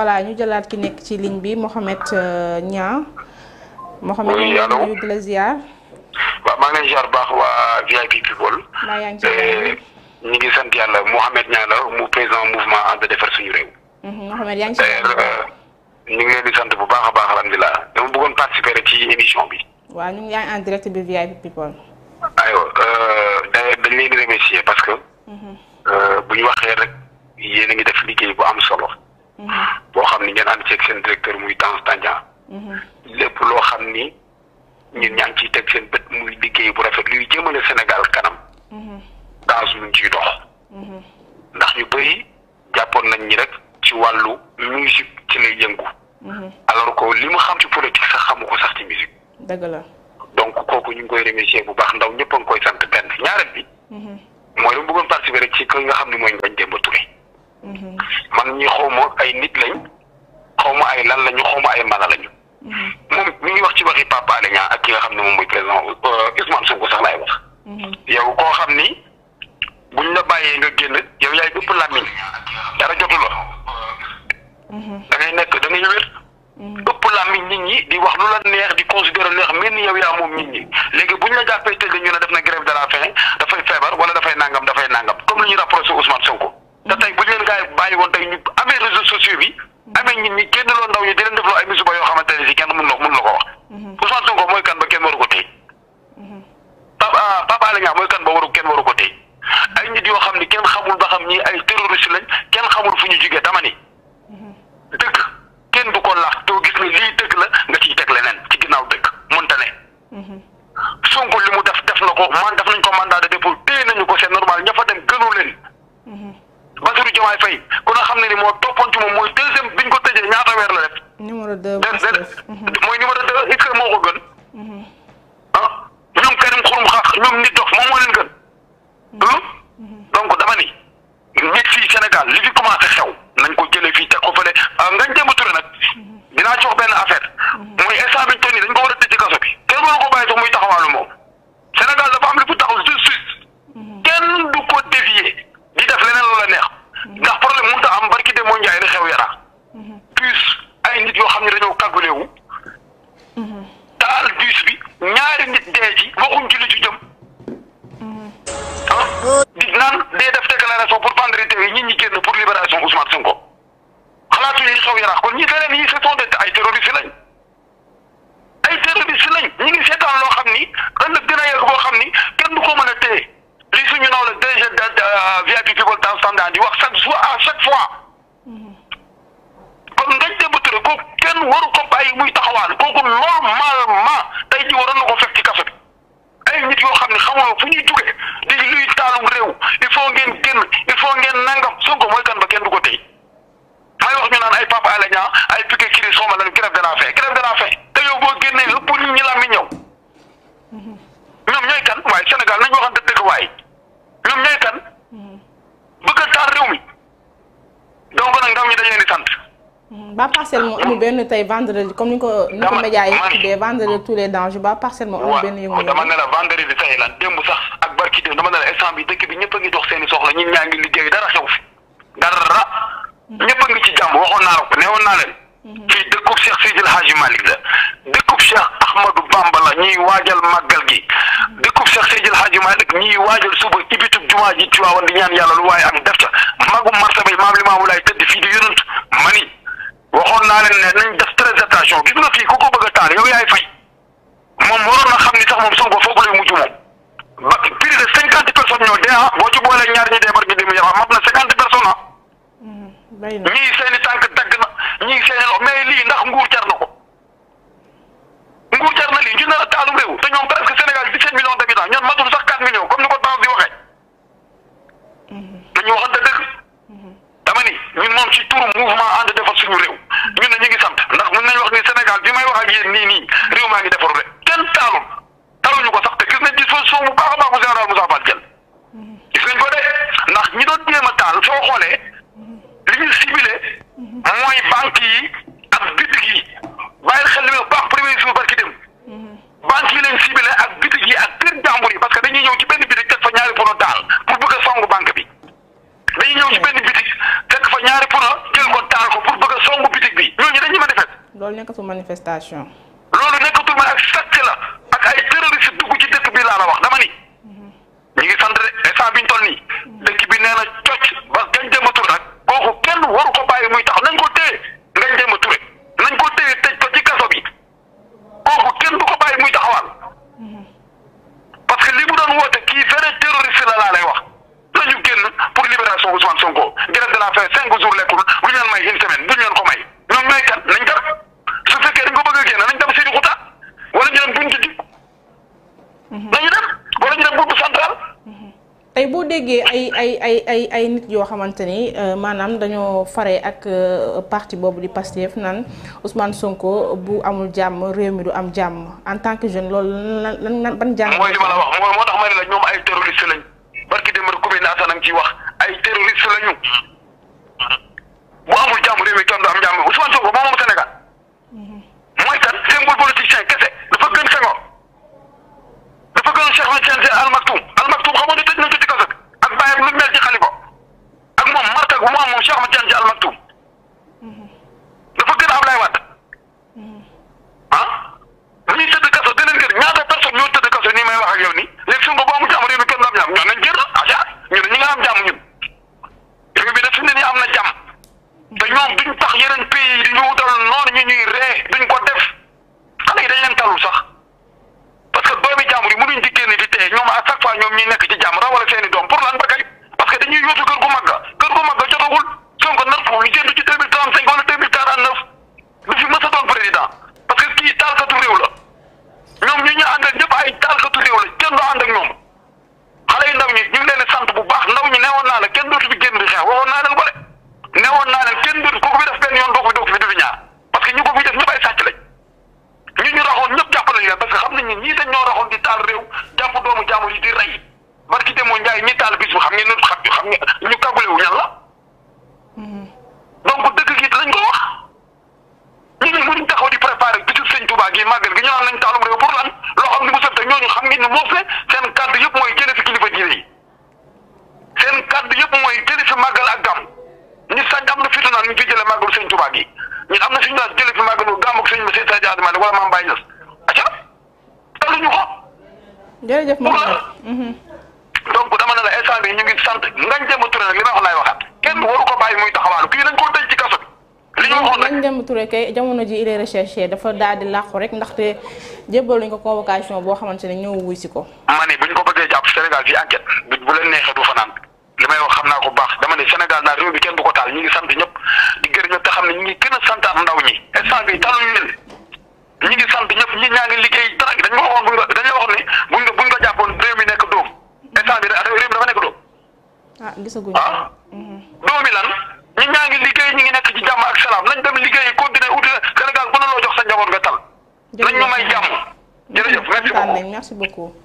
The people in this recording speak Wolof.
voilà ñu jëlaat ki nekk ci ligne bi Mouhamed euh, Niang. Mouhamed Niang ñu ngi maa ngi baax waa VIP People. maa yaa ngi eh, ñu ngi sant yàlla Mouhamed Niang la mu président mouvement ànd defar suñu réew. Mm-hmm, Mouhamed yaa ngi si eh, euh, ñu ngi leen di sant bu baax a baax alhamdulilah dama bëggoon participer rek ci émission bi. waaw ñu ngi yaa ngi en direct bi VIP People. aywa euh, d'ailleurs dañ leen di parce que. Mm-hmm. bu ñu waxee rek yéen a ngi def liggéey bu am solo. Mm-hmm. boo xam ni ngeen ànd ceeg seen directeur muy Tange Tandian mm-hmm. lépp loo xam ni ñun ñaa ngi ciy teg seen bët muy liggéey bu rafet luy jëmale Sénégal kanam Tange mm-hmm. mu ci ciy dox ndax ñu bëri jàppoon nañ ñi rek ci wàllu musique ci lay yëngu alors que li mu xam ci politique sax xamu ko sax ci musique dëgg la donc kooku ñu ngi koy remercier bu baax ndaw ñëpp koy sant benn ñaareel bi mooy lu mu bëggoon participer rek ci ki nga xam ne mooy Ngagne Demba Touré Mm-hmm. man ñi xawma ay nit lañ xawma ay lan lañu xawma ay mala lañu mom mm-hmm. mi ngi wax ci waxi papa Alé Niang ak ki nga xam mom moy mooy président euh, Ousmane Sonko sax lay wax mm-hmm. yow ko xamni buñ la bàyyee nga genn yow yaay upp làmmiñ dara jotu lo da ngay nek da ngay wér upp làmmiñ nit ñi di wax lu la neex di considérer neex mel ni yow ya mom nit ñi légui buñ la jappé tëj ñu na def na grève de la faim da fay feebar wala da fay nangam da fay nangam comme li ñu rapport sociaux bi amee nit ñi kenn loo ndaw ñi di leen defloo ay musiba yoo xamante ne si kenn mun na mun na ko wax mhm. Ousmane Sonko mooy kan ba kenn waru ko téye Papa mhm. Papa ah, Alé Niang mooy kan ba waru kenn waru ko téye ay nit yoo xam ne kenn xamul ba xam ni ay terroriste lañ kenn xamul fu ñu jugee tama ni mhm. dëkk kenn bu ko laax too gis lii dëkk la nga ci teg leneen ci ginnaaw dëkk mënta ne Sonko li mu def def na ko man def nañ ko mandat de dépôt téye nañu ko c'est normal ña fa dem gënu leen Bassirou Diomaye Faye xam ne ni moo toppoon ci moom mooy deuxième bi ñu ko tëjee ñaata weer la def. numéro mhm. mooy numéro deux est-ce moo ko gën. Mhm. ah ñoom Karim Xurum Xax ñoom nit dox moom moo leen fois. kon Ngagne Demba Touré kooku kenn waru ko bàyyi muy taxawaan kooku normalement tey jii waroon na ko fekk ci kaso bi ay nit yoo xam ne xamuloo fu ñuy jugee di luy taalum réew il faut ngeen génn il faut ngeen nangam Sonko mooy kan ba kenn du ko tey. may wax ñu naan ay Papa Alé Niang ay piqué crise xaw ma lan grève de la faim grève de la faim te yow boo génnee ëpp nit ñi la mi ñëw ñoom ñooy kan waaye Sénégal nañu waxante dëgg waaye ba parcelle moom amul benn tey vendredi comme ni ko ni ko média yi tuddee vendredi tous les dangers ba moom amul benn yëngu la vendredi tey la démb sax ak barki démb dama ne la instant bi dëkk bi ñëpp a ngi dox seen soxla ñun ñaa ngi liggéey dara xew fi dara mm-hmm. ñëpp a ngi ci jàmm waxoon naa la ko neewoon naa leen mm-hmm. fii dëkkub Cheikh Sidil Hadji Malick la dëkkub Cheikh Ahmadou Bamba la ñuy waajal màggal gi mm-hmm. dëkkub Cheikh Sidil Hadji Malick ñuy waajal suba ibitub jumaa ji Tiwaawan di ñaan yàlla lu waaye am def ca magum di waxoon naa leen ne nañ def très attention gis nga fii ku ko bëgg a taal yow yaay fay moom waroon na xam ni sax moom Sonko foofu lay mujj moom. ba plus de cinquante personnes ñoo dee ah boo ci boolee ñaar ñu dee barki dem yaram mat na cinquante personnes ah. ñii seen i tànk dagg na ñii seen i loxo mais lii ndax nguur jar na ko. nguur jar na lii ñu nar a taalum réew te ñoom presque Sénégal 17 millions d'habitants ñoon matul sax 4 millions comme ni ko Tans di waxee. dañu waxante dëgg. dama ni ñun moom ci turu mouvement ànd defar suñu réew. yéen nii nii réew maa ngi defaru rek kenn taalul taluñu ko sax te gis nañ disposition bu baax a baax bu général Moussa Fall jël gis nañ de ndax ñi doon jéem a taal soo xoolee li ñu ciblé mooy banque yi ak bitig gi bàyyi xel li baax premier jour barki dem banque yi leen ciblé ak bitig yi ak kër jàmbur yi parce que dañuy ñëw ci benn bitig teg fa ñaari pono taal pour bëgg a song banque bi dañuy ñëw ci benn bitig teg fa ñaari loolu nekkatul manifestation déggee ay ay ay ay nit yoo xamante ni euh, maanaam dañoo fare ak euh, parti boobu di Pastef naan Ousmane Sonko bu amul jàmm réew mi du am jàmm en tant que jeune lool lan lan lan ban jàmm. mooy li ma la wax moo tax ma ne la ñoom ay terroriste lañ parce que ciy wax ay terroriste lañu bu amul jàmm réew mi tam du am jàmm Ousmane Sonko kii taalkatu réew la ñoom ñu ñu ànd ak ñëpp ay taalkatu réew la kenn du ànd ñoom xale yu ndaw ñi ñu ngi sant bu baax ndaw ñi newoon naa la kenn dootu fi génn di xeex waxoon naa leen ko de newoon naa ko doo ko doo ko fi ñaar parce que ñu ko fi def ñëpp ay sàcc lañ ñu ñu raxoon ñëpp jàpp nañ leen parce que xam nañ ne ñii dañ ñoo raxoon di taal réew jàpp doomu jàmbur yi di rey barki demoo njaay ñi taal bis bu xam ngeen ne xam ñu kagule wu ñan la gi màggal gi ñu naan nañ taalum réew pour lan loo xam ne mu sënta ñooñu xam ngeen ne moos ne seen kàddu yëpp mooy jëlee fi kilifa diine yi seen kàddu yëpp mooy jëlee fi màggal ak gàmm ñu sañ am na fitu naan ñu fi jëlee màggalu sëñ Tuubaa gi ñun am na suñu naan jëlee fi màggalu gàmm ak sëñ bi Seydi Hadji Malick wala Maam Baye Niass acca taluñu ko jërëjëf mhm. donc dama ne la instant bi ñu ngi sant ngañ jëma turé nag li may wax laay waxaat kenn waru ko bàyyi muy taxawaalu kii nañ ko tëj Ngagne Demba Touré kay jamono ji il est dafa daal làqu rek ndaxte jébbal nañ ko convocation boo xamante ne ñëw wuy si ko ma ne bu ñu ko bëggee jàpp Sénégal fii enquête bu leen neexee du fanaan li may wax xam ko taal ñi ngi sant ñëpp ñi a santaat ndaw ñi instant bi taluñu leen ñi ngi sant ñaa ngi liggéey dara dañ ma waxoon dañ la waxoon ne buñ ko buñ ko jàppoon réew mi nekk dóom instant bi réew mi dafa nekk dóom ah gisaguñ ah? mhm. dóomi lan ñi ñaa ngi liggéey ñi ngi salaam nañ dem liggéeyi continuer uti Sénégal mën na loo jox sa njaboot nga nañ ñu may jàmm jërëjëf merci beaucoup merci beaucoup.